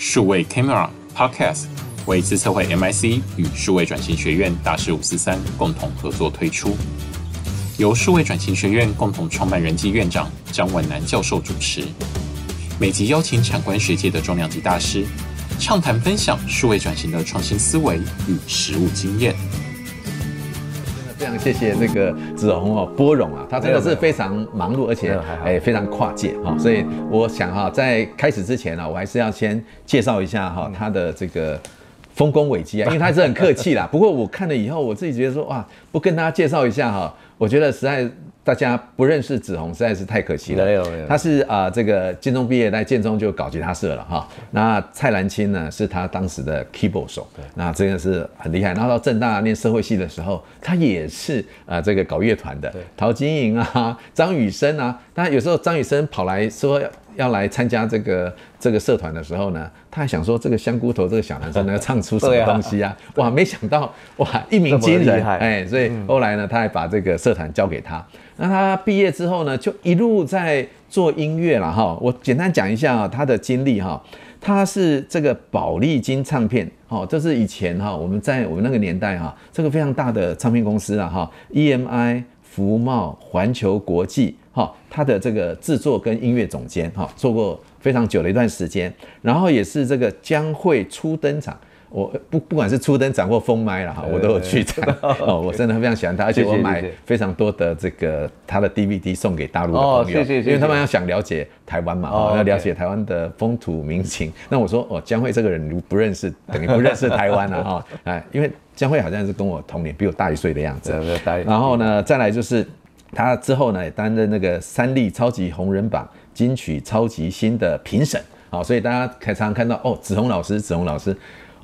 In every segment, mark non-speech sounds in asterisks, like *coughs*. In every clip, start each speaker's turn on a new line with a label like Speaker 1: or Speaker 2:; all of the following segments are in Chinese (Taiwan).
Speaker 1: 數位 Camera Podcast 為資策會 MIC 與數位轉型學院大師五四三共同合作推出，由數位轉型學院共同創辦人暨院長詹文男教授主持，每集邀請產官學界的重量級大師，暢談分享數位轉型的創新思維與實務經驗。謝謝這個子鴻啊，波榮啊，他真的是非常忙碌，而且哎非常跨界哈，所以我想哈，在開始之前呢，我還是要先介紹一下哈，他的這個豐功偉績啊，因為他是很客氣啦。不過我看了以後，我自己覺得說哇，不跟大家介紹一下哈，我覺得實在。大家不認識子鴻實在是太可惜了。沒有沒有，有他是啊、呃，這個建中畢業，在建中就搞吉他社了哈、哦。那蔡瀾清呢，是他當時的 keyboard 手，對那真的是很厲害。然後到政大念社會系的時候，他也是啊、呃，這個搞樂團的，對陶晶瑩啊，張雨生啊。但有時候張雨生跑來說要。要來參加這個這個社團的時候呢，他還想說這個香菇頭這個小男生呢，要唱出什麼東西啊？ *laughs* 啊哇，對沒想到哇，一鳴驚人哎！所以後來呢，嗯、他還把這個社團交給他。那他畢業之後呢，就一路在做音樂了哈。我簡單講一下他的經歷哈。他是這個寶麗金唱片，哦，這是以前哈，我們在我們那個年代哈，這個非常大的唱片公司啊哈，EMI、e、福茂、環球國際。哈、哦，他的這個製作跟音樂總監哈、哦，做過非常久的一段時間，然後也是這個江蕙初登場，我不不管是初登場或封麥了哈，對我都有去唱，okay, 哦，我真的非常喜歡他，而且我買非常多的這個他的 DVD 送給大陸的朋友，哦，因為他們要想了解台灣嘛，哦，要了，哦要了解台灣的風土民情，哦、okay, 那我說哦，江蕙這個人你不認識等於不認識台灣了，啊、哈，哎、 *laughs* 哦，因為江蕙好像是跟我同年，比我大一歲的樣子，大一歲，然後呢，再來就是。他之後呢，也擔任那個《三立超級紅人榜》金曲超級星的評審，好，所以大家常常看到哦，子鴻老師，子鴻老師，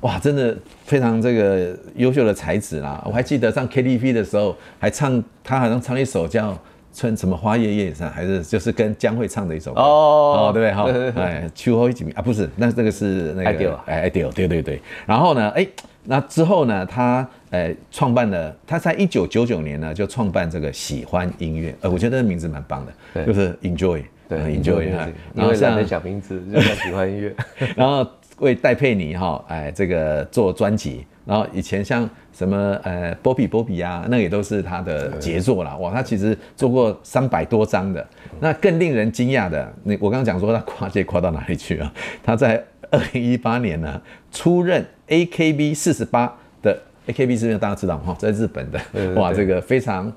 Speaker 1: 哇，真的非常這個優秀的才子啦、啊。我還記得上 KTV 的時候，還唱他好像唱一首叫。春什麼花葉葉上，還是就是跟江蕙唱的一首歌，oh, 哦，對不對哈？哎，秋後幾米啊？不是，那這個是那個 I do. 哎，idol，對對對。然後呢，哎，那之後呢，他呃、哎、創辦了，他在一九九九年呢就創辦這個喜歡音樂。呃，我覺得這個名字蠻棒的，對就是 enjoy, 對、嗯、enjoy，對，enjoy 啊那，因為這樣的小名字就是喜歡音樂。然後， *laughs* 然後為戴佩妮哈，哎，這個做專輯。然後以前像什麼呃，波比波比呀，那個、也都是他的傑作了哇！他其實做過三百多張的。那更令人驚訝的，那我剛剛講說他跨界跨到哪裡去啊？他在二零一八年呢，出任 AKB 四十八的 AKB 四十八，48, 大家知道嗎？在日本的哇，對對對，這個非常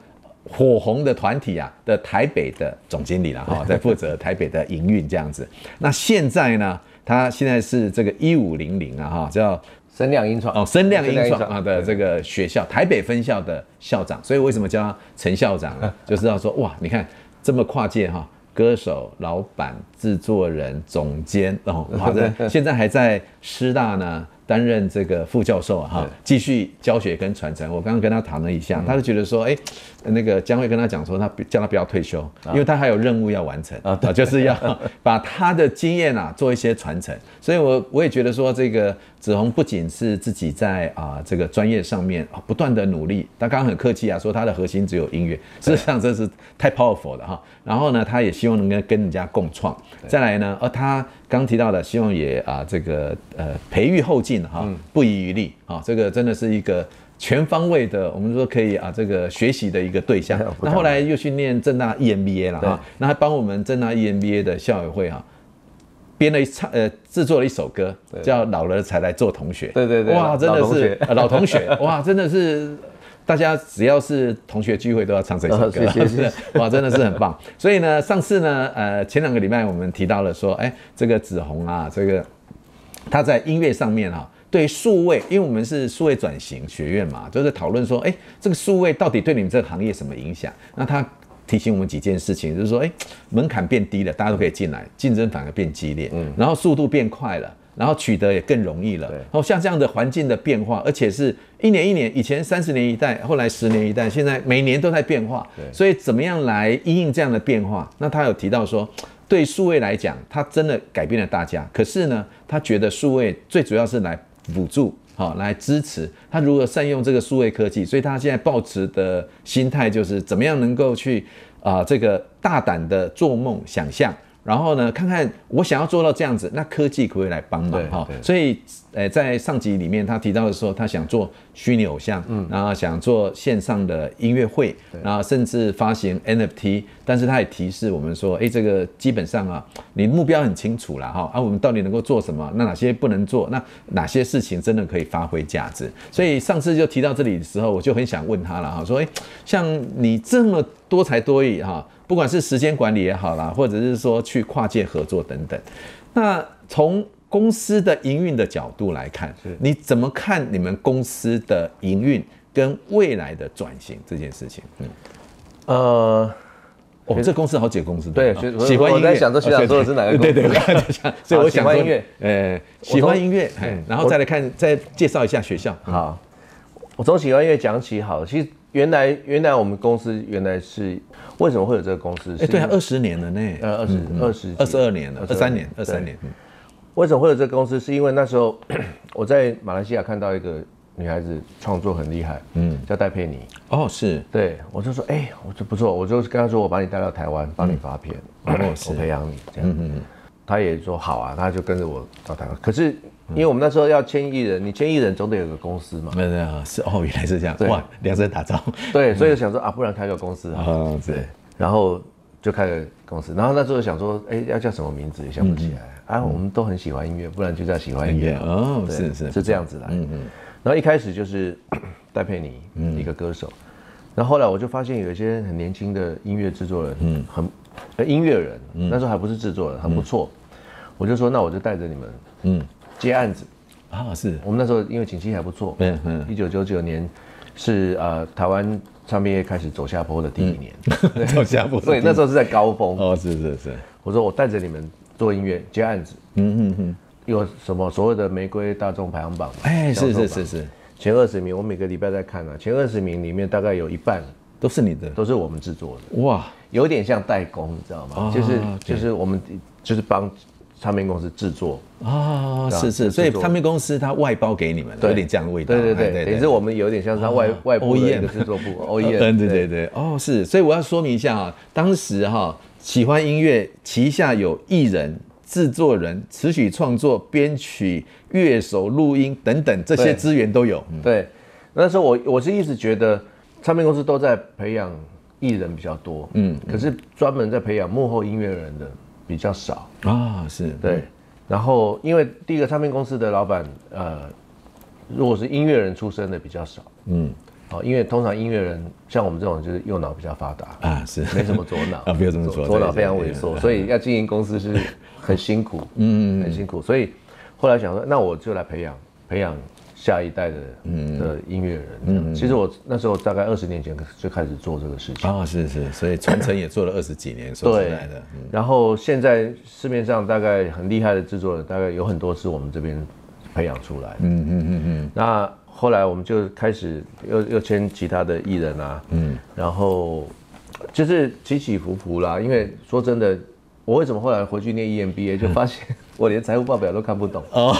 Speaker 1: 火紅的團體啊的台北的總經理了、啊、哈，在負責台北的營運這樣子。那現在呢，他現在是這個一五零一啊哈，叫。聲量音創哦，聲量音創啊的這個學校對台北分校的校長，所以為什麼叫他陳校長呢、啊、就是要說哇，你看這麼跨界哈，歌手、老闆、製作人、總監哦，好的，現在還在師大呢。 *laughs* 擔任這個副教授啊，哈，繼續教學跟傳承。是我剛剛跟他談了一下，他就覺得說，哎、欸，那個江蕙跟他講說他，他叫他不要退休，啊、因為他還有任務要完成啊，他就是要把他的經驗啊做一些傳承。所以我，我我也覺得說，這個子鴻不僅是自己在啊這個專業上面不斷的努力，他剛剛很客氣啊，說他的核心只有音樂，對事實上這是太 powerful 的哈、啊。然後呢，他也希望能夠跟人家共創。對再來呢，而、啊、他。剛提到的，希望也啊，這個呃，培育後進哈、啊，不遺餘力啊，這個真的是一個全方位的。我們說可以啊，這個學習的一個對象。那後來又去念政大 EMBA 了啊，那還幫我們政大 EMBA 的校友會啊編了一唱呃製作了一首歌，叫“老了才來做同學”，對對對，哇，真的是老同學，哇，真的是。 *laughs* 大家只要是同學聚會都要唱這首歌，哦、謝謝，謝，謝哇，真的是很棒。 *laughs* 所以呢，上次呢，呃，前兩個禮拜我們提到了說，哎，這個紫紅啊，這個他在音樂上面啊，對數位，因為我們是數位轉型學院嘛，就是在討論說，哎，這個數位到底對你們這個行業什麼影響？那他提醒我們幾件事情，就是說，哎，門檻變低了，大家都可以進來，嗯、競爭反而變激烈，嗯，然後速度變快了。然後取得也更容易了。然後對、哦、像這樣的環境的變化，而且是一年一年，以前三十年一代，後來十年一代，現在每年都在變化。對所以怎麼樣來因應這樣的變化？那他有提到說，對數位來講，他真的改變了大家。可是呢，他覺得數位最主要是來輔助，好、哦、來支持他如何善用這個數位科技。所以他現在抱持的心態就是，怎麼樣能夠去啊、呃、這個大膽的做夢想象。然後呢，看看我想要做到這樣子，那科技可不可以來幫忙哈？對對對所以。在上集裡面，他提到的時候，他想做虛擬偶像，嗯，然後想做線上的音樂會，對然後甚至發行 NFT，但是他也提示我們說，哎，這個基本上啊，你目標很清楚了哈，啊，我們到底能夠做什麼？那哪些不能做？那哪些事情真的可以發揮價值？對所以上次就提到這裡的時候，我就很想問他了哈，說，哎，像你這麼多才多藝哈，不管是時間管理也好啦，或者是說去跨界合作等等，那從公司的營運的角度來看，你怎麼看你們公司的營運跟未來的轉型這件事情？嗯，呃，哦，這公司好幾個公司，對，喜歡音樂。想，說學長說的是哪個？對對對，所以我喜歡音樂。哎，喜歡音樂。嗯，然後再來看，再介紹一下學校。好，我從喜歡音樂講起。好，其實原來原來我們公司原來是為什麼會有這個公司？哎，對啊，二十年了呢，二十二十二十二年了，二三年，二三年。為什麼會有這個公司？是因為那時候我在馬來西亞看到一個女孩子創作很厲害，嗯，叫戴佩妮。哦，是，對，我就說，哎，我就不錯，我就跟她說，我把你帶到台灣，幫你發片，然後我培養你。這樣，嗯，她也說好啊，他就跟着我到台灣。可是因為我們那時候要簽藝人，你簽藝人總得有個公司嘛。沒有沒有，是哦，原來是這樣。哇，兩聲打招呼。對，所以想說啊，不然開個公司啊，對，然後。就開了公司，然後那時候想說，哎，要叫什麼名字也想不起來啊。我們都很喜歡音樂，不然就叫喜歡音樂哦，是是是，這樣子啦。嗯嗯。然後一開始就是戴佩妮，一個歌手。然後後來我就發現有一些很年輕的音樂製作人，嗯，很呃，音樂人，那時候還不是製作人，很不錯。我就說，那我就帶着你們，嗯，接案子啊。是我們那時候因為景氣還不錯，嗯嗯。一九九九年是呃台灣唱片業開始走下坡的第一年，嗯、對 *laughs* 走下坡，所以那時候是在高峰。哦，是是是，我說我帶着你們做音樂接案子，嗯嗯嗯，有什麼所謂的玫瑰大眾排行榜？哎，是是是是，前二十名，我每個禮拜在看啊，前二十名裡面大概有一半都是你的，都是我們制作的。哇，有點像代工，你知道嗎？哦、就是就是我們就是幫。唱片公司製作啊，是是，所以唱片公司它外包給你們，有點這樣的味道。對對對，等於是我們有點像是外外部的一個製作部。OEM，對對對對。哦，是，所以我要說明一下啊，當時哈，喜歡音樂旗下有藝人、製作人、詞曲創作、編曲、樂手、錄音等等這些資源都有。對，那時候我我是一直覺得唱片公司都在培養藝人比較多，嗯，可是專門在培養幕後音樂人的。比較少啊、哦，是、嗯、對，然後因為第一個唱片公司的老闆，呃，如果是音樂人出身的比較少，嗯，好，因為通常音樂人像我們這種就是右腦比較發達啊，是，沒什麼左腦啊，不要這麼說，左腦著非常萎縮，嗯，所以要經營公司是很辛苦，嗯，嗯，嗯，很辛苦，所以後來想說，那我就來培養培養。下一代的嗯的音樂人，其實我那時候大概二十年前就開始做這個事情啊、哦，是是，所以傳承也做了二十幾年， *coughs* 對出來的。嗯、然後現在市面上大概很厲害的制作人，大概有很多是我們這邊培養出來的嗯。嗯嗯嗯嗯。嗯，那後來我們就開始又又簽其他的藝人啊，嗯，然後就是起起伏伏啦。因為說真的，我為什麼後來回去念 EMBA，就發現我連財務報表都看不懂。哦、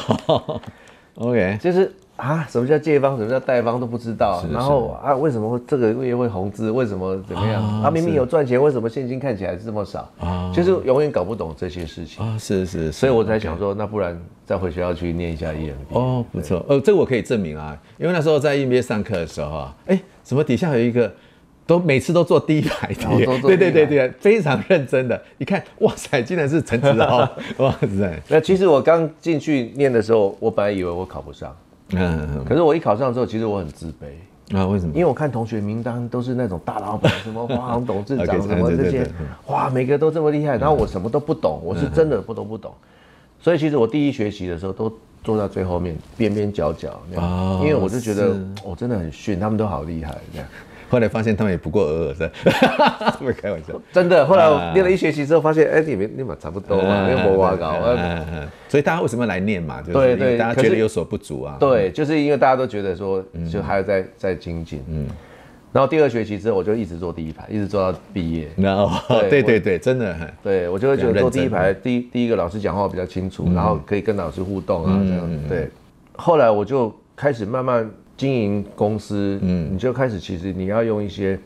Speaker 1: Oh，OK，就是。啊，什麼叫借方，什麼叫貸方都不知道、啊。是是然後啊，為什麼會這個月會紅字？為什麼怎麼樣、啊？他、哦啊、明明有賺錢，為什麼現金看起來是這麼少？哦、就是永遠搞不懂這些事情啊、哦。是是、是，所以我才想說，okay 那不然再回學校去念一下 EMBA 哦，對哦，不錯。呃，這個我可以證明啊，因為那時候在 EMBA 上課的時候，哎，怎麼，底下有一個都每次都坐第一排的，都對、對、對對對對，非常認真的。你看，哇塞，竟然是陳子鴻， *laughs* 哇塞，那其實我剛進去念的時候，我本來以為我考不上。嗯， *noise* 可是我一考上之後，其實我很自卑。啊，為什麼？因為我看同學名單都是那種大老闆，什麼 *laughs* 華航董事長什麼這些，哇，每個都這麼厲害。然後我什麼都不懂， *laughs* 我是真的不都不懂。 *noise* 所以其實我第一學習的時候都坐在最後面，邊邊角角，樣 *noise* 哦、因為我就覺得我是、哦、真的很遜，他們都好厲害這樣。後來發現他們也不過爾爾的，沒開玩笑，真的。後來我念了一學期之後，發現哎，你們念嘛差不多啊，沒有我挖高啊。所以大家為什麼來念嘛？對對，大家覺得有所不足啊。對，就是因為大家都覺得說，就還是在在精進。嗯，然後第二學期之後，我就一直坐第一排，一直坐到畢業。然後，對對對，真的。對我就會覺得坐第一排，第第一個老師講話比較清楚，然後可以跟老師互動啊。這樣對。後來我就開始慢慢。經營公司，嗯，你就開始，其實你要用一些，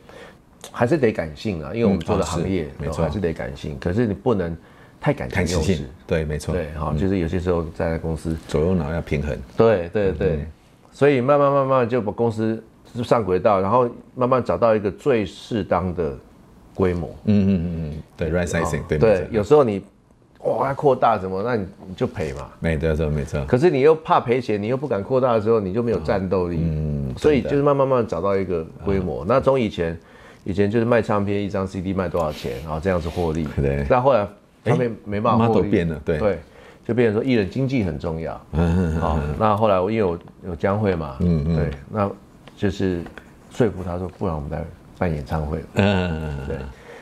Speaker 1: 還是得感性啊，因為我們做的行業，沒錯，還是得感性。可是你不能太感性，感性對，沒錯，對，好，就是有些時候在公司左右腦要平衡，對對對，所以慢慢慢慢就把公司上軌道，然後慢慢找到一個最適當的規模，嗯嗯嗯嗯，對，right sizing，對，對，有時候你。哇，擴大什麼？那你就賠嘛，沒錯，沒錯。可是你又怕賠錢，你又不敢擴大的時候，你就沒有戰鬥力。嗯，所以就是慢慢慢找到一個規模。那從以前，以前就是賣唱片，一張 CD 賣多少錢，然後這樣子獲利。那後來，哎，沒沒辦法獲利，都變了。對對，就變成說藝人經濟很重要。嗯嗯那後來我因為有有江蕙嘛，嗯對，那就是說服他說，不然我們在辦演唱會。嗯嗯嗯。對，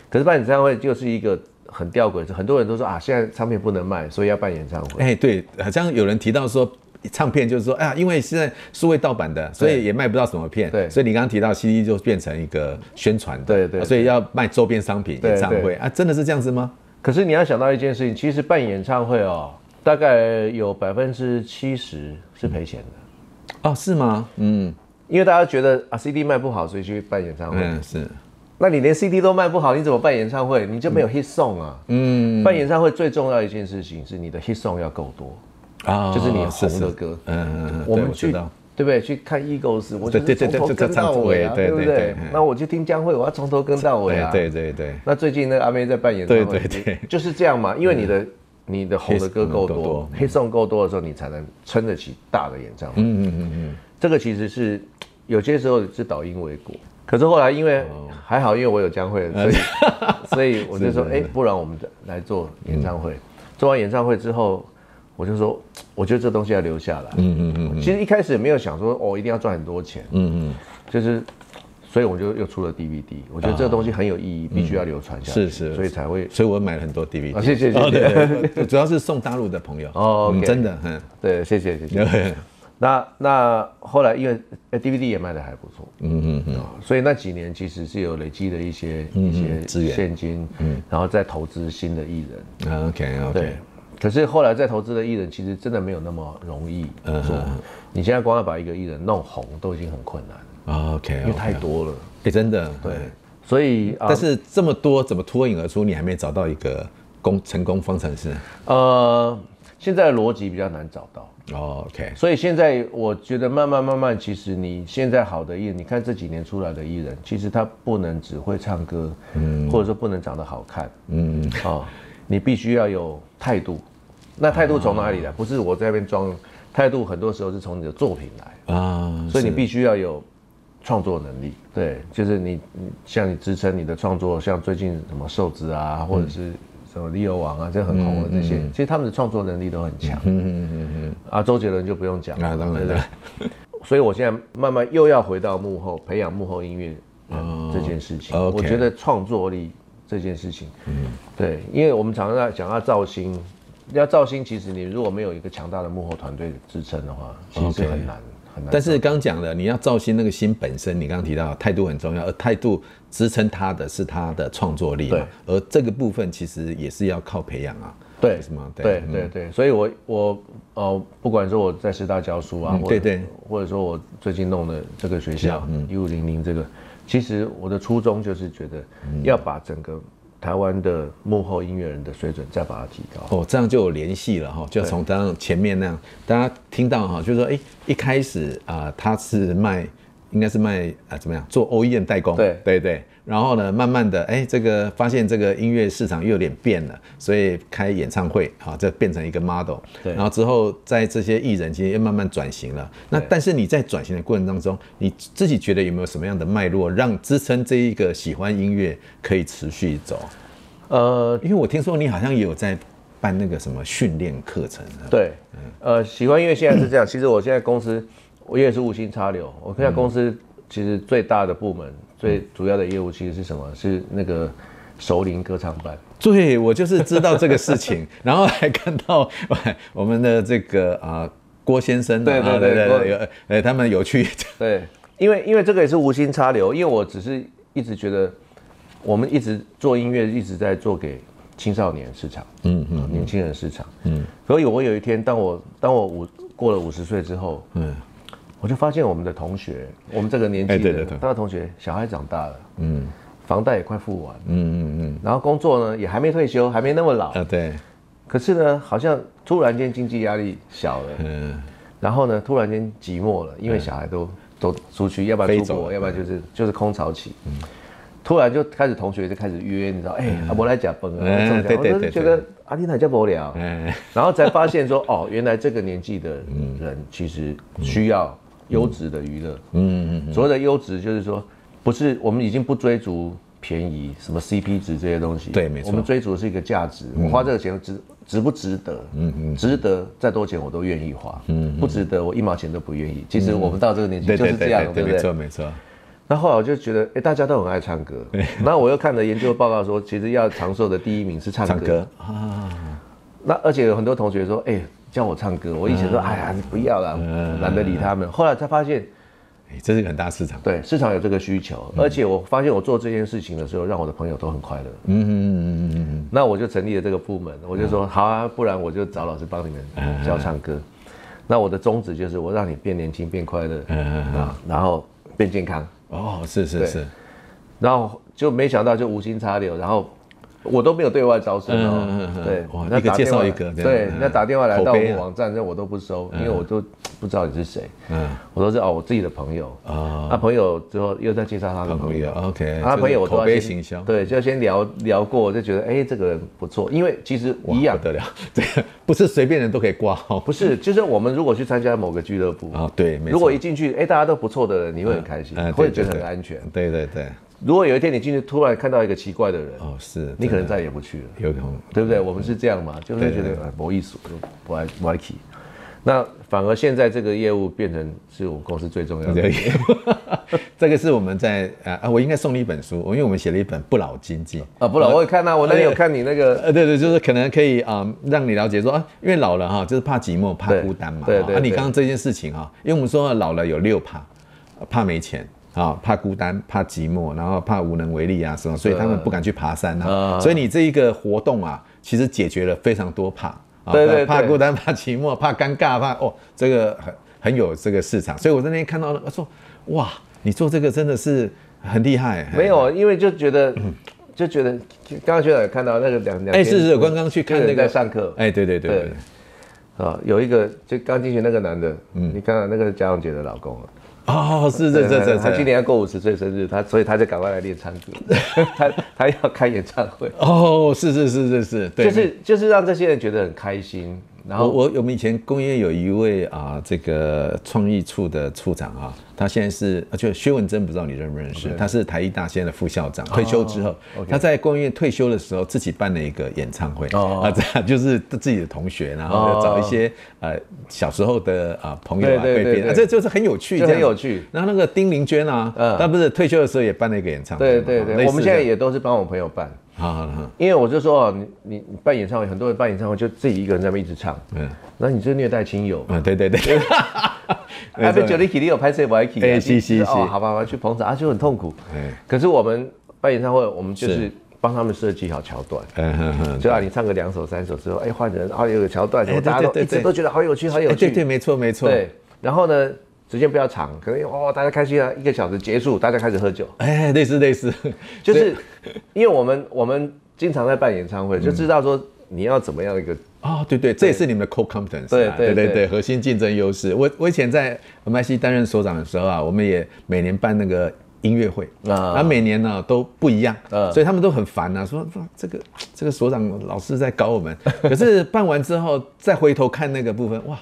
Speaker 1: 可是辦演唱會就是一個。很吊詭，很多人都說啊，現在唱片不能賣，所以要辦演唱會。哎、欸，對，好像有人提到說，唱片就是說，哎、啊、呀，因為現在數位盜版的，所以也賣不到什麼片。對，所以你剛剛提到 CD 就變成一個宣傳。對對，對對。所以要賣周邊商品、演唱會對對對啊，真的是這樣子嗎？可是你要想到一件事情，其實辦演唱會哦，大概有百分之七十是賠錢的、嗯。哦，是嗎？嗯，因為大家覺得啊 CD 賣不好，所以去辦演唱會。嗯，是。那你連 CD 都賣不好，你怎麼辦演唱會？你就沒有 hit song 啊？嗯，辦演唱會最重要一件事情是你的 hit song 要夠多啊，就是你紅的歌。嗯嗯，我們去對不對？去看 Egos，我就從頭跟到尾，對不對？那我去聽江蕙，我要從頭跟到尾啊。對對對。那最近呢，阿妹在辦演唱會，對對對，就是這樣嘛。因為你的你的紅的歌夠多，hit song 夠多的時候，你才能撐得起大的演唱會。嗯嗯嗯嗯，這個其實是有些時候是倒因為果。可是後來因為還好，因為我有將會，所以所以我就說，哎，不然我們來做演唱會。做完演唱會之後，我就說，我覺得這東西要留下來。嗯嗯嗯。其實一開始也沒有想說，哦，一定要賺很多錢。嗯嗯。就是，所以我就又出了 DVD。我覺得這個東西很有意義，必須要流傳下去。是是。所以才會是是，所以我買了很多 DVD，哦。謝謝謝，謝、哦、對，對，對，主要是送大陸的朋友。哦 okay、嗯，真的，嗯，對，謝謝謝謝。那那後來因為 DVD 也賣得還不錯，嗯嗯嗯，所以那幾年其實是有累積的一些、嗯、資源一些現金，嗯，然後再投資新的藝人、嗯、，OK OK，可是後來再投資的藝人，其實真的沒有那麼容易，嗯哼你現在光要把一個藝人弄紅，都已經很困難、嗯、OK, okay 因為太多了，欸、真的對,對。所以，嗯、但是這麼多怎麼脫穎而出？你還沒找到一個成功方程式？呃。現在的邏輯比較難找到，OK。所以現在我覺得慢慢慢慢，其實你現在好的藝人，你看這幾年出來的藝人，其實他不能只會唱歌，嗯，或者說不能長得好看，嗯，你必須要有態度，那態度從哪裡來？不是我在那邊裝，態度很多時候是從你的作品來啊，所以你必須要有創作能力，對，就是你像你支撐你的創作，像最近什麼瘦子啊，或者是。什麼 Leo 王啊，這很紅的這些，嗯嗯、其實他們的創作能力都很強。嗯嗯嗯嗯，嗯嗯嗯啊，周杰倫就不用講了，啊、當然對對對。 *laughs* 所以我現在慢慢又要回到幕後，培養幕後音樂、嗯哦、這件事情。okay 我覺得創作力這件事情，嗯、對，因為我們常常講要造星，要造星，其實你如果沒有一個強大的幕後團隊支撐的話，Okay 其實很難。但是剛剛講的，你要造新那個心本身，你剛剛提到態度很重要，而態度支撐他的是他的創作力嘛？而這個部分其實也是要靠培養啊。對，是嗎？對對、嗯、對，對，對。所以我我呃，不管說我在師大教書啊，對、嗯、對，或者說我最近弄的這個學校一五零一這個，其實我的初衷就是覺得要把整個。台灣的幕後音樂人的水準，再把它提高哦，這樣就有聯繫了哈，就從剛剛前面那樣，對大家聽到哈，就是說，哎、欸，一開始啊、呃，他是賣。應該是賣啊、呃，怎麼樣做 OEM 代工？對對對。然後呢，慢慢的，哎，這個發現這個音樂市場又有點變了，所以開演唱會，好、啊，這變成一個 model。對。然後之後，在這些藝人其實又慢慢轉型了。對那但是你在轉型的過程當中，你自己覺得有沒有什麼樣的脈絡讓支撐這一個喜歡音樂可以持續走？呃，因為我聽說你好像也有在辦那個什麼訓練課程。對。嗯、呃，喜歡音樂現在是這樣， *coughs* 其實我現在公司。我也是無心插柳。我看下公司其實最大的部門、嗯、最主要的業務其實是什麼？是那個熟齡歌唱班。所以，我就是知道這個事情， *laughs* 然後還看到、哎、我們的這個啊郭先生、啊對對對啊，對對對對，呃郭、欸，他們有去對，因為因為這個也是無心插柳，因為我只是一直覺得我們一直做音樂，一直在做給青少年市場，嗯嗯，嗯年輕人市場，嗯。所以，我有一天，當我當我五過了五十歲之後，嗯。我就發現我們的同學，我們這個年紀的，大同學小孩長大了，嗯，房貸也快付完，嗯嗯嗯，然後工作呢也還沒退休，還沒那麼老，啊對，可是呢好像突然間經濟壓力小了，嗯，然後呢突然間寂寞了，因為小孩都都出去，要不然出國，要不然就是就是空巢期，突然就開始同學就開始約，你知道，哎，我伯來家蹦，我就覺得阿弟來叫不了，然後才發現說哦，原來這個年紀的人其實需要。優質的娛樂，嗯嗯，所謂的優質就是說，不是我們已經不追逐便宜，什麼 CP 值這些東西，對，沒錯，我們追逐的是一個價值，我花這個錢值值不值得？嗯嗯，值得再多錢我都願意花，嗯，不值得我一毛錢都不願意。其實我們到這個年紀就是這樣，對不對？沒錯沒錯。那後來我就覺得，哎，大家都很愛唱歌，那我又看了研究報告說，其實要長壽的第一名是唱歌啊。那而且有很多同學說，哎。叫我唱歌，我以前說、嗯、哎呀，不要了，懶、嗯嗯、得理他們。後來才發現，哎，這是一個很大市場。對，市場有這個需求，嗯、而且我發現我做這件事情的時候，讓我的朋友都很快樂、嗯。嗯嗯嗯嗯嗯。嗯嗯那我就成立了這個部門，嗯、我就說好啊，不然我就找老師幫你們教唱歌。嗯嗯、那我的宗旨就是我讓你變年輕、變快樂啊，嗯嗯、然後變健康。哦，是是是。然後就沒想到，就無心插柳，然後。我都沒有對外招生哦，對，那打電話一個，對，那打電話來到我們網站，那我都不收，因為我都不知道你是誰，嗯，我都是哦，我自己的朋友啊，他朋友之後又在介紹他的朋友，OK，他朋友我，口碑對，就先聊聊過，就覺得哎，這個人不錯，因為其實一樣不得了，對。不是隨便人都可以掛哦，不是，就是我們如果去參加某個俱樂部啊，對，如果一進去，哎，大家都不錯的人，你會很開心，會覺得很安全，對對對。如果有一天你進去，突然看到一個奇怪的人哦，是你可能再也不去了，有可能對不對？我們是這樣嘛，就是覺得沒意思，不愛不愛，那反而現在這個業務變成是我們公司最重要的業務，這個是我們在啊啊，我應該送你一本書，因為我們寫了一本《不老經濟》啊，不老我也看到，我那天有看你那個呃，對對，就是可能可以啊，讓你了解說啊，因為老了哈，就是怕寂寞、怕孤單嘛。對對。啊，你剛剛這件事情哈，因為我們說老了有六怕，怕沒錢。啊、哦，怕孤單，怕寂寞，然後怕無能為力啊什麼，嗯、所以他們不敢去爬山啊。嗯、所以你這一個活動啊，其實解決了非常多怕。對對，對、哦、怕孤單，怕寂寞，怕尷尬，怕哦，這個很很有這個市場。所以我在那邊看到我說哇，你做這個真的是很厲害。沒有，嘿嘿因為就覺得、嗯、就覺得剛剛學長也看到那個兩兩哎、欸，是是，我剛剛去看那個在上課。哎、欸，對對對，對，對，對、哦。有一個就剛進去那個男的，嗯，你看，看那個是賈永姐的老公。哦，是是是是，他今年要過五十歲生日，他所以他就趕快來練唱歌，他他要開演唱會。哦，是是是是是，對，就是就是讓這些人覺得很開心。然後我我們以前工業有一位啊，這個創意處的處長啊，他現在是，就薛文珍，不知道你認不認識？他是台藝大現在的副校長，退休之後，他在工業退休的時候，自己辦了一個演唱會啊，這樣，就是自己的同學，然後找一些呃小時候的啊朋友啊，對對對，這就是很有趣，很有趣。然後那個丁玲娟啊，他不是退休的時候也辦了一個演唱會？對對對，我們現在也都是幫我朋友辦。因為我就說，你你辦演唱會，很多人辦演唱會就自己一個人在那邊一直唱，嗯，那你就虐待親友，嗯，對對對。
Speaker 2: I feel
Speaker 1: really pity Vicky 好吧，我要去捧場啊，就很痛苦。可是我們辦演唱會，我們就是幫他們設計好橋段，嗯哼哼，就讓你唱個兩首三首之後，哎，換人，啊，又有橋段，大家一直都覺得好有趣，好有趣，對對，沒錯沒錯，對，然後呢？時間不要長，可能哦，大家開心啊，一個小時結束，大家開始喝酒，哎，類似類似，就是因為我們我們經常在辦演唱會，嗯、就知道說你要怎麼樣一個哦，對對，對，對這也是你們的 core competence，對對對對，對對對核心競爭優勢。我我以前在 MIC 擔任所長的時候啊，我們也每年辦那個音樂會，嗯、然後啊，那每年呢都不一樣，嗯、所以他們都很煩啊，說說這個這個所長老是在搞我們， *laughs* 可是辦完之後再回頭看那個部分，哇。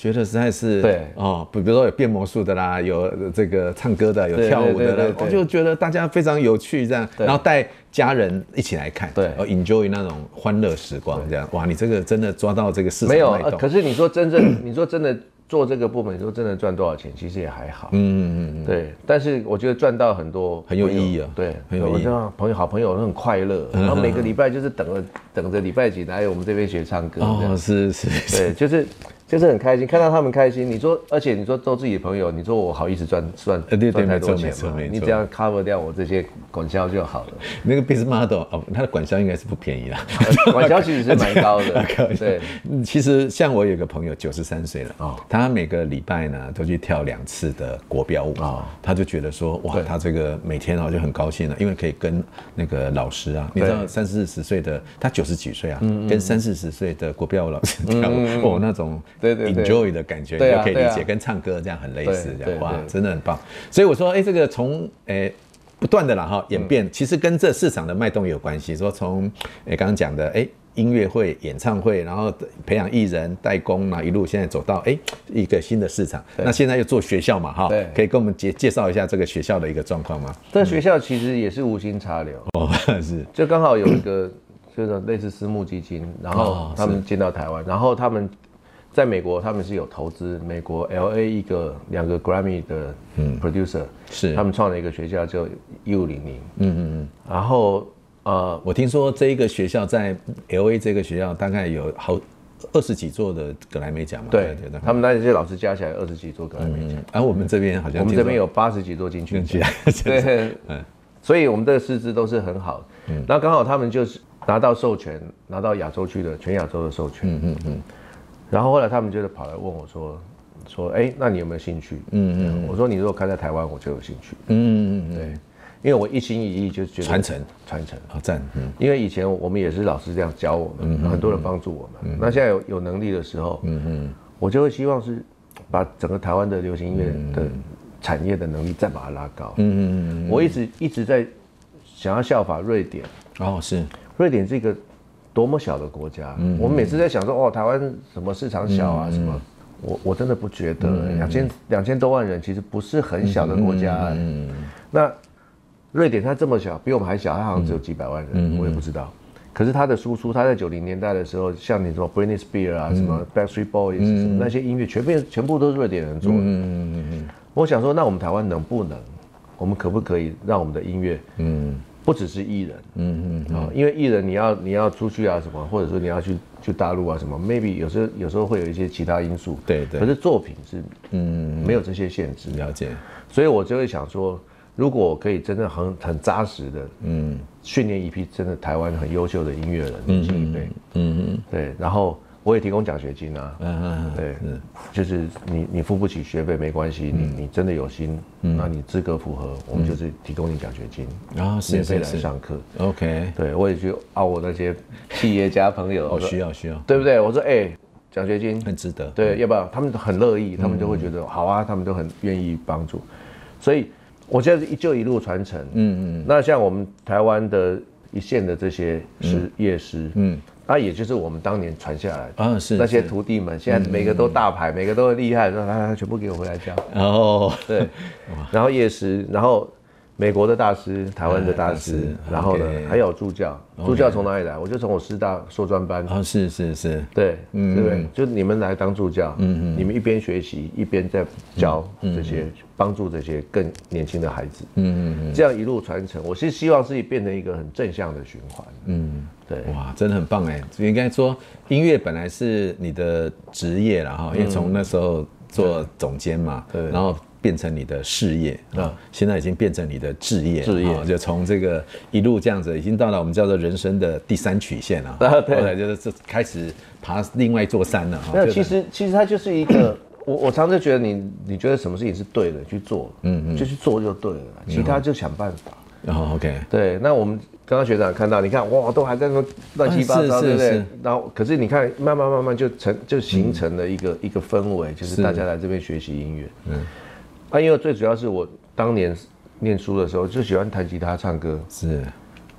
Speaker 1: 覺得實在是對哦，比比如說有變魔術的啦，有這個唱歌的，有跳舞的，我就覺得大家非常有趣這樣，然後帶家人一起來看，對，然後 enjoy 那種歡樂時光這樣，哇，你這個真的抓到這個市場脈動。沒有，可是你說真正，你說真的做這個部門，你說真的賺多少錢，其實也還好。嗯嗯嗯，對。但是我覺得賺到很多，很有意義啊。對，很有意義。朋友，好朋友很快樂，然後每個禮拜就是等了等着禮拜幾來我們這邊學唱歌。哦，是是，對，就是。就是很開心，看到他們開心。你說，而且你說做自己的朋友，你說我好意思賺賺賺太多錢嗎？你只要 cover 掉我這些管銷就好了。那個 business model 哦，他的管銷應該是不便宜啦，管銷其實是蠻高的。對，其實像我有個朋友，九十三歲了，他每個禮拜呢都去跳兩次的國標舞啊，他就覺得說，哇，他這個每天哦就很高興了，因為可以跟那個老師啊，你知道三四十歲的，他九十幾歲啊，跟三四十歲的國標舞老師跳舞，哦那種。對對，enjoy 的感覺你就可以理解，跟唱歌這樣很類似，這樣哇，真的很棒。所以我說，哎，這個從哎不斷的啦。哈，演變，其實跟這市場的脈動有關係。說從哎剛剛講的哎音樂會、演唱會，然後培養藝人、代工嘛，一路現在走到哎一個新的市場。那現在又做學校嘛，哈，可以跟我們介介紹一下這個學校的一個狀況嗎？這學校其實也是無心插柳，哦，是就剛好有一個就是類似私募基金，然後他們進到台灣，然後他們。在美國，他們是有投資美國 L A 一個兩個 Grammy 的 producer、嗯、是他們創了一個學校叫一五零零，00, 嗯嗯然後呃，我聽說這一個學校在 L A 這個學校大概有好二十幾座的格萊美獎嘛，對對、嗯、他們那些老師加起來二十幾座格萊美獎，而、嗯嗯啊、我們這邊好像我們這邊有八十幾座金曲獎進對，嗯、所以我們的師資都是很好，嗯。那剛好他們就是拿到授權，拿到亞洲區的全亞洲的授權，嗯嗯。然後後來他們就是跑來問我，說，說，哎，那你有沒有興趣？嗯嗯，嗯我說你如果開在台灣，我就有興趣嗯。嗯嗯嗯，對，因為我一心一意就覺得傳承傳承好讚。嗯承，因為以前我們也是老師這樣教我們，嗯、很多人幫助我們。嗯嗯、那現在有有能力的時候，嗯嗯，嗯我就會希望是把整個台灣的流行音樂的產業的能力再把它拉高。嗯嗯嗯嗯，嗯嗯我一直一直在想要效法瑞典。哦，是瑞典這個。多麼小的國家，我們每次在想說哦，台灣什麼市場小啊，什麼，我我真的不覺得，兩千兩千多萬人其實不是很小的國家。那瑞典它這麼小，比我們還小，它好像只有幾百萬人，我也不知道。可是它的輸出，它在九零年代的時候，像你什麼 Britney Spears 啊，什麼 Backstreet Boys，那些音樂全被全部都是瑞典人做的。嗯嗯嗯，我想說，那我們台灣能不能，我們可不可以讓我們的音樂，嗯。不只是藝人，嗯嗯啊，因為藝人你要你要出去啊什麼，或者說你要去去大陸啊什麼，maybe 有時候有時候會有一些其他因素，對，對對。可是作品是嗯沒有這些限制，嗯嗯嗯，了解。所以我就會想說，如果可以真，真的很很扎實的，嗯，訓練一批真的台灣很優秀的音樂人，年輕一輩，嗯哼嗯哼對，然後。我也提供獎學金啊，嗯嗯嗯，對，嗯，就是你你付不起學費沒關係，你你真的有心，嗯，那你資格符合，我們就是提供你獎學金然後，免費來上課，OK，對我也去啊，我那些企業家朋友，哦，需要需要，對不對？我說哎，獎學金很值得，對，要不要？他們很樂意，他們就會覺得好啊，他們都很願意幫助，所以我現在是一就一路傳承，嗯嗯那像我們台灣的一線的這些師業師，嗯。那、啊、也就是我們當年傳下來的、啊、那些徒弟們，現在每個都大牌，嗯、每個都厲害，說他、嗯啊、全部給我回來教。哦、對、哦然，然後夜市，然後。美國的大師，台灣的大師，然後呢，還有助教，助教從哪裡來？我就從我師大碩專班。啊，是是是，對，對不對？就你們來當助教，嗯嗯，你們一邊學習一邊在教這些，幫助這些更年輕的孩子，嗯嗯嗯，這樣一路傳承，我是希望自己變成一個很正向的循環，嗯，對，哇，真的很棒哎，應該說音樂本來是你的職業了哈，因為從那時候做總監嘛，對，然後。變成你的事業啊，現在已經變成你的志業，志業就從這個一路這樣子，已經到了我們叫做人生的第三曲線了。啊、對對，後來就是開始爬另外一座山了。沒有，其實能其實它就是一個，我我常常覺得你你覺得什麼事情是對的去做，嗯嗯，就去做就對了，嗯、哼其他就想辦法。然後、嗯 oh, OK，對，那我們剛剛學長看到，你看哇，都還在那亂七八糟，啊、對不對？然後可是你看，慢慢慢慢就成就形成了一個、嗯、一個氛圍，就是大家來這邊學習音樂，嗯。啊、因為最主要是我當年念書的時候就喜歡彈吉他唱歌，是，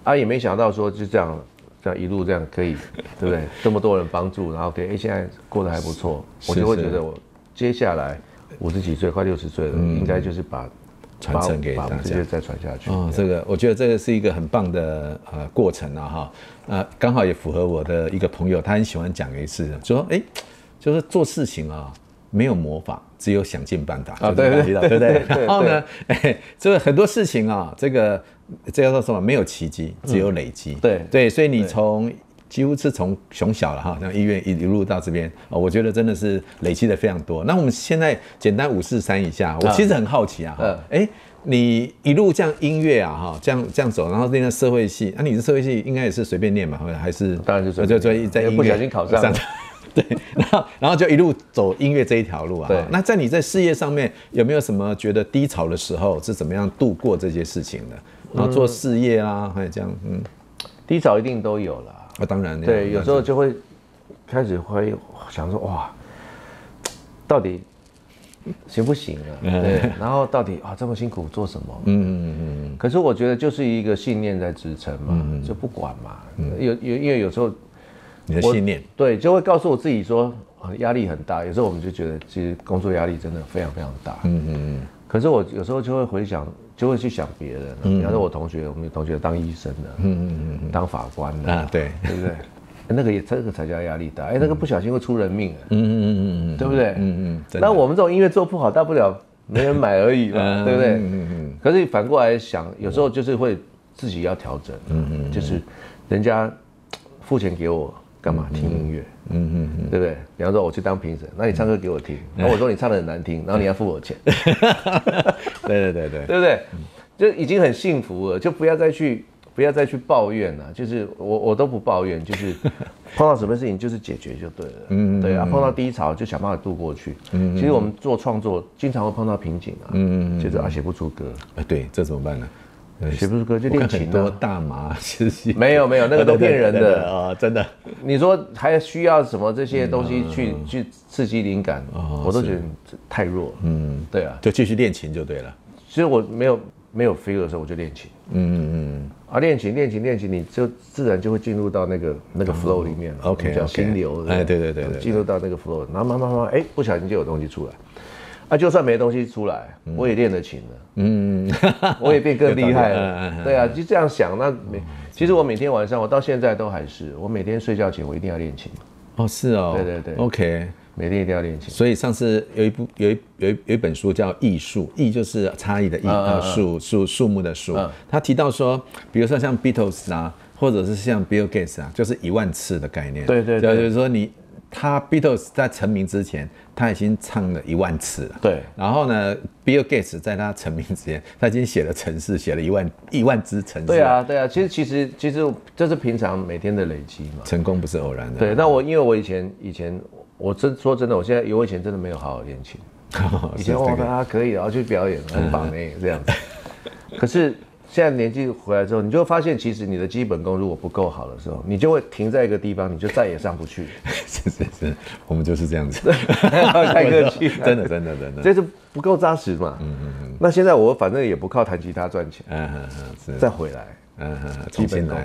Speaker 1: 啊，也沒想到說就這樣這樣一路這樣可以， *laughs* 對不對？這麼多人幫助，然後給哎、欸、現在過得還不錯，是我就會覺得我接下來五十幾歲是快六十歲了，嗯、應該就是把
Speaker 2: 傳承給大家，再傳
Speaker 1: 下去。啊、哦，這個對我覺得這個是一個很棒的呃過程啊哈，呃剛好也符合我的一個朋友，他很喜歡講一次，的說哎、欸、就是做事情啊。沒有魔法，只有想盡辦法，啊、對不對，對？ *laughs* 然後呢，哎、欸，這個很多事情啊、喔，這個這叫做什麼？沒有奇蹟，只有累積、嗯。對對，所以你從對 幾乎是從熊小了哈，像音樂一路到這邊啊，我覺得真的是累積的非常多。那我們現在簡單五四三一下，我其實很好奇啊，哎、啊啊欸，你一路這樣音樂啊哈，這樣這樣走，然後念社會系，那、啊、你的社會系應該也是隨便念嘛，還是？當然就專專不小心考上了。上對，然後然後就一路走音樂這一條路啊。對，那在你在事業上面有沒有什麼覺得低潮的時候是怎麼樣度過這些事情的？然後做事業啊，還有這樣，嗯，低潮一定都有了。那當然，對，有時候就會開始會想說，哇，到底行不行啊？對，然後到底啊這麼辛苦做什麼？嗯嗯嗯。可是我覺得就是一個信念在支撐嘛，就不管嘛，有有因為有時候。你的信念對，就會告訴我自己說，壓力很大。有時候我們就覺得，其實工作壓力真的非常非常大。嗯嗯嗯。可是我有時候就會回想，就會去想別人。嗯。比方說，我同學，我們有同學當醫生的。嗯嗯嗯。當法官的。啊，對，對不對？那個也，這個才叫壓力大。哎，那個不小心會出人命。嗯嗯嗯嗯嗯。對不對？嗯嗯。那我們這種音樂做不好，大不了沒人買而已嘛，對不對？嗯嗯。可是你反過來想，有時候就是會自己要調整。嗯嗯。就是人家付錢給我。幹嘛聽音樂？嗯嗯嗯，對不對？比方說我去當評審，嗯、哼哼，那你唱歌給我聽，嗯、然後我說你唱的很難聽，嗯、然後你要付我錢。嗯、 *laughs* 對對對對，對不對？就已經很幸福了，就不要再去不要再去抱怨了，啊。就是我我都不抱怨，就是碰到什麼事情就是解決就對了。嗯，嗯，嗯，對啊，碰到低潮就想辦法度過去。嗯，嗯，嗯。其實我們做創作經常會碰到瓶頸啊，嗯，嗯嗯嗯，就是啊寫不出歌。哎、呃，對，這怎麼辦呢，啊？寫不出歌就練琴，多大麻，其實沒有沒有，那個都騙人的啊！真的，你說還需要什麼這些東西去去刺激靈感？我都覺得太弱。嗯，對啊，就繼續練琴就對了。所以我沒有沒有,有 feel 的時候，我就練琴。嗯嗯嗯。啊，練琴練琴練琴，你就自然就會進入到那個那個 flow 裡面了。OK，叫心流。哎，對對對對，進入到那個 flow，然後慢慢慢慢，哎，不小心就有東西出來。啊、就算沒東西出來，我也練得琴了。嗯，我也變更、嗯、厲害了。對啊，就這樣想。那每、嗯、其實我每天晚上，我到現在都還是，我每天睡覺前我一定要練琴。哦，是哦。對對對。OK，每天一定要練琴。所以上次有一部有一有一有一本書叫《異數》，異就是差異的異，呃、嗯，數數數目的數。他、嗯、提到說，比如說像 Beatles 啊，或者是像 Bill Gates 啊，就是一萬次的概念。對,對對。就,就是說你。他 Beatles 在成名之前，他已經唱了一萬次了。對，然後呢，Bill Gates 在他成名之前，他已經寫了程式，寫了一萬一萬支程式。對啊，對啊，其實其實其實這是平常每天的累積嘛。成功不是偶然的。對，那我因為我以前以前，我真說真的，我現在有我以前真的沒有好好練琴，哦、以前我覺得他可以然後去表演很棒耶 *laughs* 這樣子。可是。現在年紀回來之後，你就會發現其實你的基本功如果不夠好的時候，你就會停在一個地方，你就再也上不去。嗯嗯、是是是，我們就是這樣子。太客氣了，真的真的真的，這是不夠扎實嘛。嗯嗯嗯。那現在我反正也不靠彈吉他賺錢。嗯，嗯，嗯再回來，嗯嗯，基本功。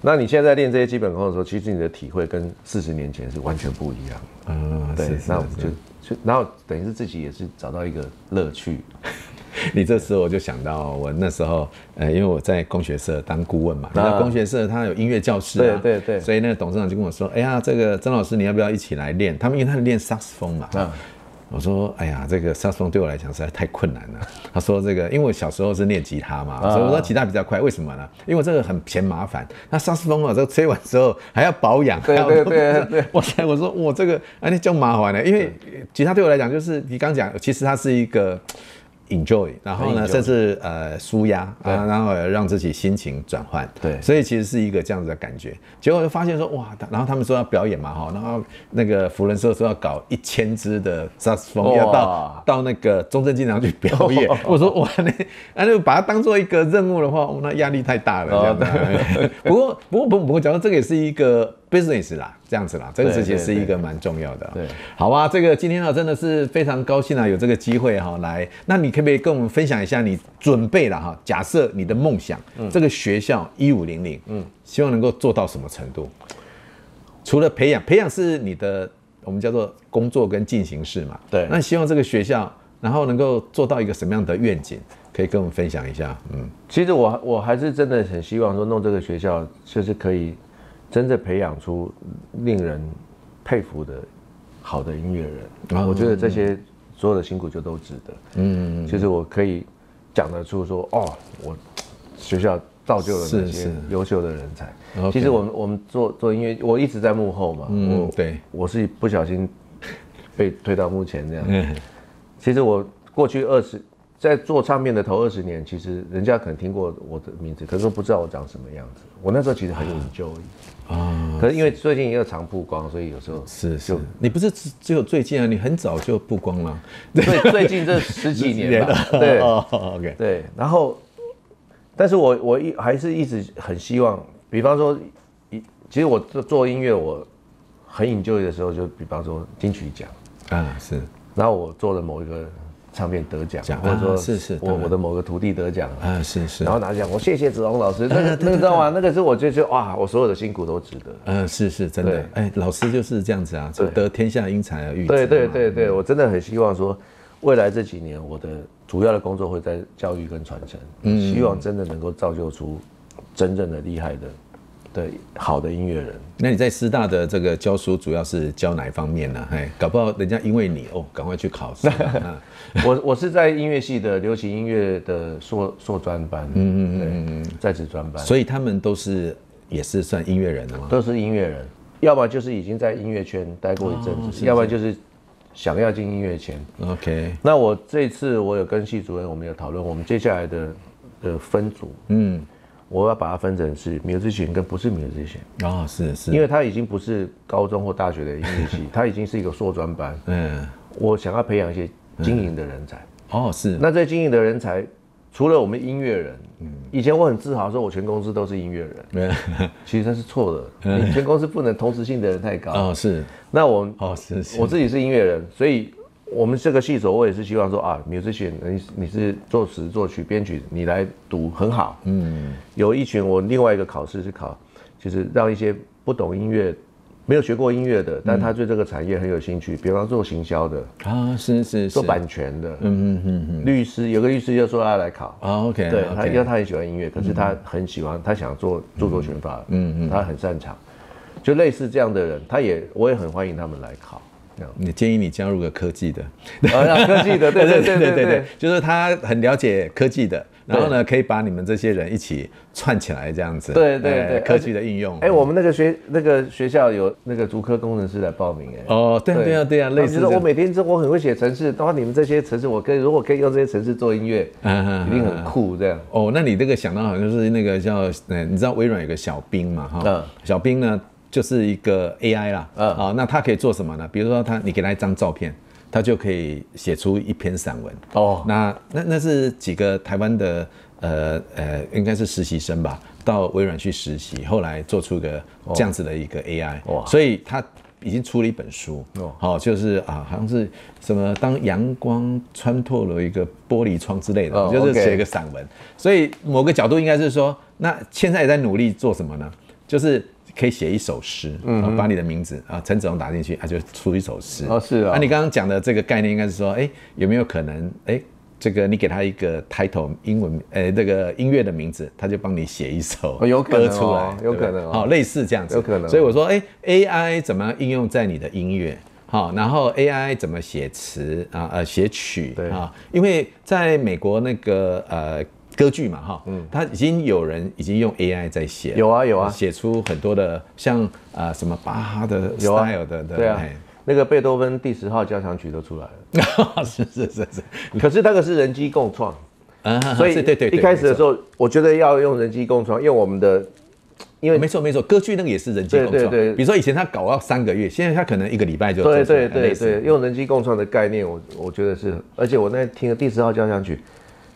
Speaker 1: 那你現在練這些基本功的時候，其實你的體會跟四十年前是完全不一樣嗯。對。那我們就就然後等於是自己也是找到一個樂趣。你這時候我就想到，我那時候，呃、欸，因為我在功學社當顧問嘛，那、啊、功學社他有音樂教室、啊，對對對，所以那個董事長就跟我說：“哎呀，這個曾老師你要不要一起來練？”他們因為他是練薩斯風嘛，啊、我說：“哎呀，這個薩斯風對我來講實在太困難了。”他說：“這個，因為我小時候是練吉他嘛，啊、所以我說吉他比較快，為什麼呢？因為我這個很嫌麻煩。那薩斯風啊，這個吹完之後還要保養，對對對對，我我說我這個，哎，那就麻煩了，因為吉他對我來講就是你剛講，其實它是一個。” Enjoy，然後呢，Enjoy. 甚至呃舒壓對、啊，然後讓自己心情轉換，對，所以其實是一個這樣子的感覺。結果就發現說，哇，然後他們說要表演嘛，哈，然後那個福仁說說要搞一千支的薩克斯風，要到到那個中正紀念堂去表演。我、oh. 說，哇，那就、啊、把它當做一個任務的話，我、哦、們那壓力太大了。這樣子、oh. 啊、 *laughs* 不過，不過，不過，講到這個也是一個 business 啦，這樣子啦，對對對，這個事情是一個蠻重要的。對，對，對，對，好啊，這個今天呢，真的是非常高興啊，有這個機會哈，來。那你可不可以跟我們分享一下你準備了哈？假設你的夢想，嗯、這個學校一五零零，嗯，希望能夠做到什麼程度？嗯、除了培養，培養是你的我們叫做工作跟進行式嘛。對，那希望這個學校，然後能夠做到一個什麼樣的願景？可以跟我們分享一下。嗯，其實我我還是真的很希望說弄這個學校就是可以。真正培養出令人佩服的好的音樂人，我覺得這些所有的辛苦就都值得。嗯，其實我可以講得出說，哦，我學校造就了那些優秀的人才。其實我們我們做做音樂，我一直在幕後嘛。嗯，對，我是不小心被推到幕前這樣。嗯，其實我過去二十在做唱片的頭二十年，其實人家可能聽過我的名字，可是不知道我長什麼樣子。我那時候其實很隱居。啊，可是因為最近也有常曝光，所以有時候是是，你不是只只有最近啊，你很早就曝光了，最最近這十幾年,十幾年了，對、哦、，OK，對，然後，但是我我一還是一直很希望，比方說，一其實我做做音樂，我很引就的時候，就比方說金曲獎啊、嗯，是，然後我做了某一個。唱片得獎，或者說，是是，我我的某個徒弟得獎，啊，是是，然後拿獎，我謝謝子鴻老師，那個、呃、那個你知道嗎？那個時候我就覺得，哇，我所有的辛苦都值得，嗯、呃，是是，真的，哎對、欸，老師就是這樣子啊，對就得天下英才而育、啊，對對對對，我真的很希望說，未來這幾年我的主要的工作會在教育跟傳承，嗯，希望真的能夠造就出真正的厲害的。對，好的音樂人。那你在師大的這個教書，主要是教哪一方面呢、啊？哎，搞不好人家因為你哦，趕快去考試。我 *laughs* 我是在音樂系的流行音樂的碩碩專、嗯嗯嗯嗯、專班，嗯嗯嗯在職專班。所以他們都是也是算音樂人的嗎？都是音樂人，要麼就是已經在音樂圈待過一陣子，哦、是要麼就是想要進音樂圈。OK，那我這次我有跟系主任，我們有討論我們接下來的的分組，嗯。我要把它分成是 musician 跟不是 musician 啊，是是，因為他已經不是高中或大學的音樂系，他已經是一個碩專班。嗯，我想要培養一些經營的人才、嗯。哦，是。那這些經營的人才，除了我們音樂人，嗯、以前我很自豪說我全公司都是音樂人，沒有、嗯，其實那是錯的。嗯、全公司不能同時性的人太高。哦，是。那我哦，是是，我自己是音樂人，所以。我們這個戲所，我也是希望說啊，musician, 你是選你，你是作詞作曲編曲，你來讀很好。嗯，嗯，有一群我另外一個考試是考，就是讓一些不懂音樂、沒有學過音樂的，但他對這個產業很有興趣，比方做行銷的啊，是是，是，做版權的，嗯嗯嗯嗯，律師，有個律師就說他來考啊，OK，okay 對，他因為他很喜歡音樂，嗯嗯，可是他很喜歡他想做著作權法，嗯，嗯嗯，他很擅長，就類似這樣的人，他也我也很歡迎他們來考。你建議你加入個科技的、哦，科技的，對對對對對對，就是他很了解科技的，對對對對，然後呢可以把你們這些人一起串起來這樣子。對對對，科技的應用。哎、欸，我們那個學那個學校有那個竹科工程師來報名哎、欸。哦，對啊對啊對啊，類似、啊。對我每天我很會寫程式，包括你們這些程式我可以，如果可以用這些程式做音樂，啊、一定很酷這樣。哦，那你這個想到好像是那個叫，你知道微軟有個小冰嘛哈？嗯、小冰呢？就是一個 AI 啦，啊、嗯，哦，那他可以做什麼呢？比如說他，他你給他一張照片，他就可以寫出一篇散文。哦，那那那是幾個台灣的呃呃，應該是實習生吧，到微軟去實習，後來做出一個這樣子的一個 AI、哦。所以他已經出了一本書，哦，好、哦，就是啊，好像是什麼當陽光穿透了一個玻璃窗之類的，哦、就是寫一個散文。哦 okay、所以某個角度應該是說，那現在也在努力做什麼呢？就是。可以寫一首詩，嗯嗯，把你的名字啊，陳、呃、子鴻打進去，他、啊、就出一首詩。哦，是哦啊。那你剛剛講的這個概念，應該是說，哎，有沒有可能，哎，這個你給他一個 title，英文，呃，這個音樂的名字，他就幫你寫一首歌出來，哦、有可能，哦，類似這樣子，有可能、哦。所以我說，哎，AI 怎麼應用在你的音樂？好、哦，然後 AI 怎麼寫詞啊？呃，寫曲啊對、哦？因為在美國那個呃。歌劇嘛，哈，嗯，他已經有人已經用 AI 在寫、啊，有啊有啊，寫出很多的像啊、呃、什麼巴哈的 style 的，的有、啊，對、啊，對那個貝多芬第十號交響曲都出來了， *laughs* 是是是，是，可是那個是人機共創，嗯、哼哼，所以對對對，一開始的時候，我覺得要用人機共創，用我們的，因為沒錯沒錯，歌劇那個也是人機共創，對，對，對，比如說以前他搞了三個月，現在他可能一個禮拜就對，對對對，對，對，對，用人機共創的概念我，我我覺得是，而且我那天聽了第十號交響曲。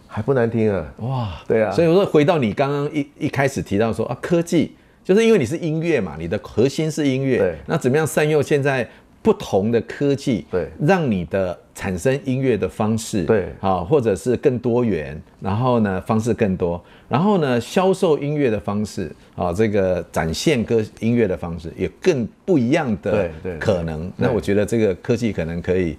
Speaker 1: 還不難聽啊！哇，對啊，所以我說回到你剛剛一一開始提到說啊，科技就是因為你是音樂嘛，你的核心是音樂，對，那怎麼樣善用現在不同的科技，對，讓你的產生音樂的方式，對，啊、哦，或者是更多元，然後呢方式更多，然後呢銷售音樂的方式啊、哦，這個展現歌音樂的方式也更不一樣的可能，那我覺得這個科技可能可以。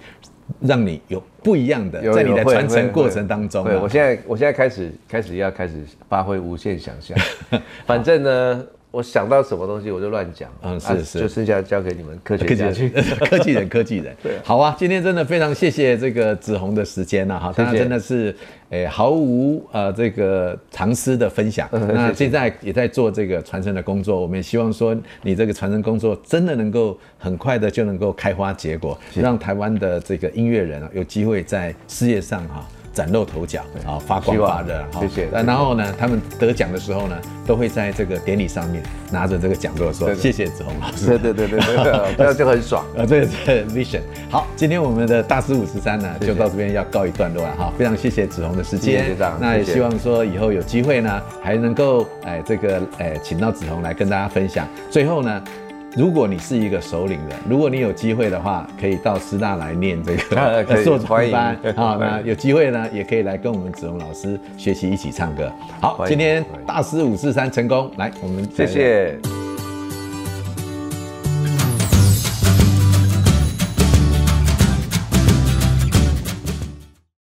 Speaker 1: 讓你有不一樣的，有有在你的傳承過程當中，對，我現在，我現在開始開始要開始發揮無限想象， *laughs* 反正呢。啊我想到什麼東西我就亂講，嗯，是是、啊，就剩下交給你們科學家去，科技人科技人。對、啊，好啊，今天真的非常謝謝這個子鴻的時間了哈，他謝真的是，誒、欸，毫無啊、呃、這個藏私的分享。嗯、謝謝那現在也在做這個傳承的工作，我們也希望說你這個傳承工作真的能夠很快的就能夠開花結果，是讓台灣的這個音樂人、啊、有機會在事業上哈、啊。嶄露頭角啊，發光發熱啊，謝謝。然後呢，他們得獎的時候呢，都會在這個典禮上面拿着這個獎座說：“謝謝子鴻老師。”對對對對對，這樣就很爽啊。 *laughs* 對,對對，Vision。好，今天我們的大師五十三呢，就到這邊要告一段落了哈。非常謝謝子鴻的時間，那也希望說以後有機會呢，還能夠哎這個哎請到子鴻來跟大家分享。最後呢。如果你是一個首領的，如果你有機會的話，可以到師大來念這個碩士、啊、班。好，那有機會呢，也可以來跟我們子鴻老師學習，一起唱歌。好，迎今天大師五四三成功，迎來，迎來我們來謝謝。